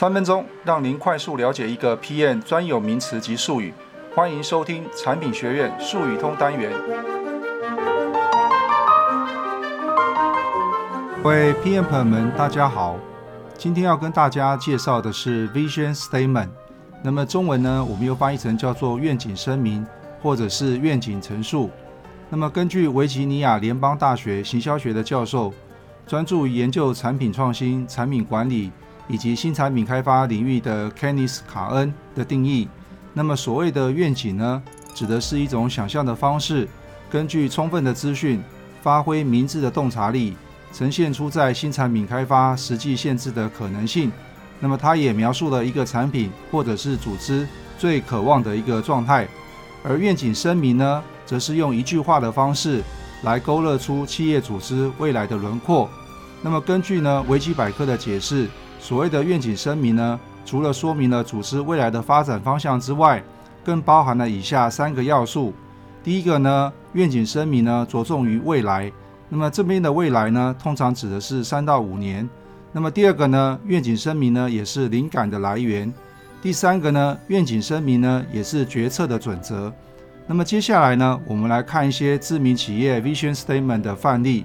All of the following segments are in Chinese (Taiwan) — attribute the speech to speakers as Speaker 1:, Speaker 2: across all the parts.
Speaker 1: 三分鐘讓您快速了解一個 PM 專有名詞及術語，歡迎收聽產品學院術語通單元。各位，PM 朋友們，大家好！今天要跟大家介紹的是 Vision Statement。那麼中文呢，我們又翻譯成叫做願景聲明，或者是願景陳述。那麼根據維吉尼亞聯邦大學行銷學的教授，專注於研究產品創新、產品管理。以及新產品開發領域的 Kenneth 卡恩的定義。那麼所謂的願景呢，指的是一種想象的方式，根據充分的資訊，發揮明智的洞察力，呈現出在新產品開發實際限制的可能性。那麼它也描述了一個產品或者是組織最渴望的一個狀態。而願景聲明呢，則是用一句話的方式來勾勒出企業組織未來的輪廓。那麼根據呢維基百科的解釋，所謂的願景聲明呢，除了說明了組織未來的發展方向之外，更包含了以下三個要素。第一個呢，願景聲明呢着重於未來，那麼這邊的未來呢通常指的是三到五年。那麼第二個呢，願景聲明呢也是靈感的來源。第三個呢，願景聲明呢也是決策的準則。那麼接下來呢，我們來看一些知名企業 vision statement 的範例。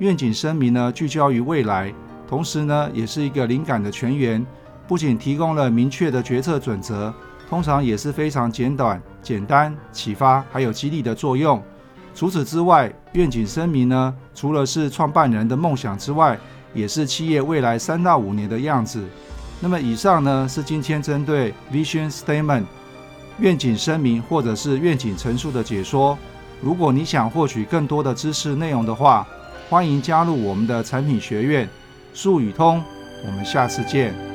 Speaker 1: 願景聲明呢，聚焦於未來，同時呢，也是一個靈感的泉源。不僅提供了明確的決策準則，通常也是非常簡短、簡單、啟發，還有激勵的作用。除此之外，願景聲明呢，除了是創辦人的夢想之外，也是企業未來三到五年的樣子。那麼，以上呢是今天針對 Vision Statement 願景聲明或者是願景陳述的解說。如果你想獲取更多的知識內容的話，歡迎加入我們的產品學院，數語通。我們下次見。